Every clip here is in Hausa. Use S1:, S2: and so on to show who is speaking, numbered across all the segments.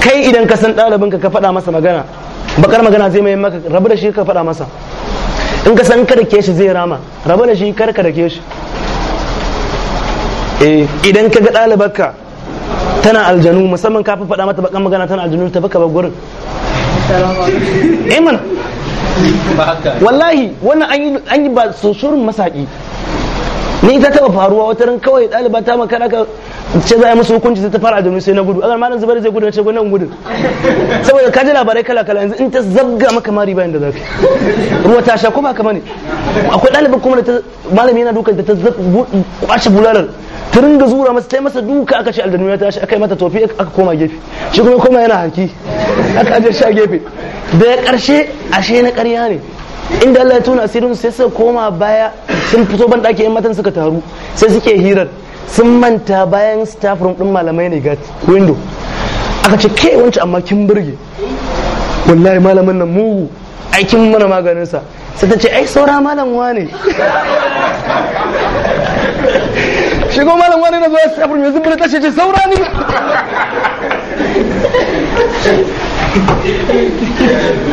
S1: kai idan ka san ɗalibinka ka faɗa masa magana bakar magana zai mai maka rabu da shi ka faɗa masa in ka san kada ke shi zai rama rabu da shi kar ka da ke shi eh, idan ka ga ɗalibarka tana aljanu musamman fi faɗa mata bakar magana tana aljanu ta baka bar gurin eh wallahi wannan an yi ba so shirin masaki ni ita taba faruwa wata ran kawai ɗaliba ta makara ka ce za a yi musu hukunci sai ta fara da sai na gudu azar malam zubar zai gudu na ce gwanan gudu saboda ka ji labarai kala kala yanzu in ta zabga maka mari bayan da zafi ruwa ta sha ko ba kama ne akwai ɗaliba kuma da ta malami yana dukan da ta kwashe bulalar ta ringa zura masa tai masa duka aka ce aldanu ya tashi aka yi mata tofi aka koma gefe shi kuma koma yana hanki aka aje shi a gefe da ya karshe ashe na ƙarya ne inda Allah ya tona asirin sai suka koma baya sun fito ban ɗaki yan matan suka taru sai suke hirar sun manta bayan staff room din malamai ne ga window aka ce ke wance amma kin burge wallahi malamin nan mugu aikin mana maganin sa sai ta ce ai saura malam wane shigo malam wane na zuwa staff room yanzu bude ta ce saura ni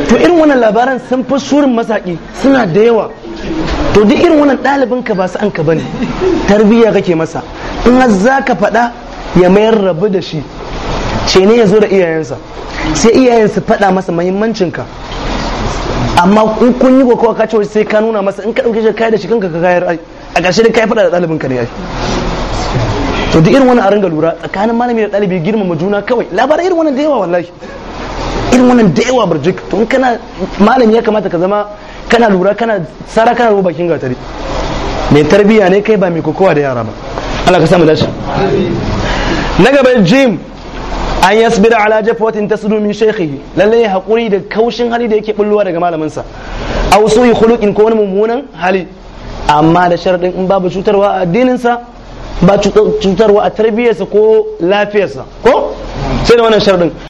S1: to irin wannan labaran sun fi surin masaki suna da yawa to duk irin wannan ɗalibin ka ba su an ka bane tarbiyya kake masa in har za ka faɗa ya mayar rabu da shi ce ne ya zo da iyayensa sai iyayensa fada faɗa masa mahimmancin ka amma in kun yi kokawa ka ce sai ka nuna masa in ka ɗauke shi kai da shi kanka ka kayar ai a ƙarshe da kai faɗa da ɗalibin ka ne ai to duk irin wannan a ringa lura tsakanin malami da ɗalibi girmama juna kawai labarai irin wannan da yawa wallahi irin wannan da yawa barjik to in kana malami ya kamata ka zama kana lura kana tsara kana ruwa bakin gatari mai tarbiya ne kai ba mai kokowa da yara ba Allah ka samu dace na gaba jim an yasbira ala jafawatin tasdu min shaykhihi lalle hakuri da kaushin hali da yake bullowa daga malamin sa aw su'i khuluqin ko wani mummunan hali amma da sharadin in babu cutarwa a addinin ba cutarwa a tarbiyyarsa ko lafiyarsa ko sai da wannan sharadin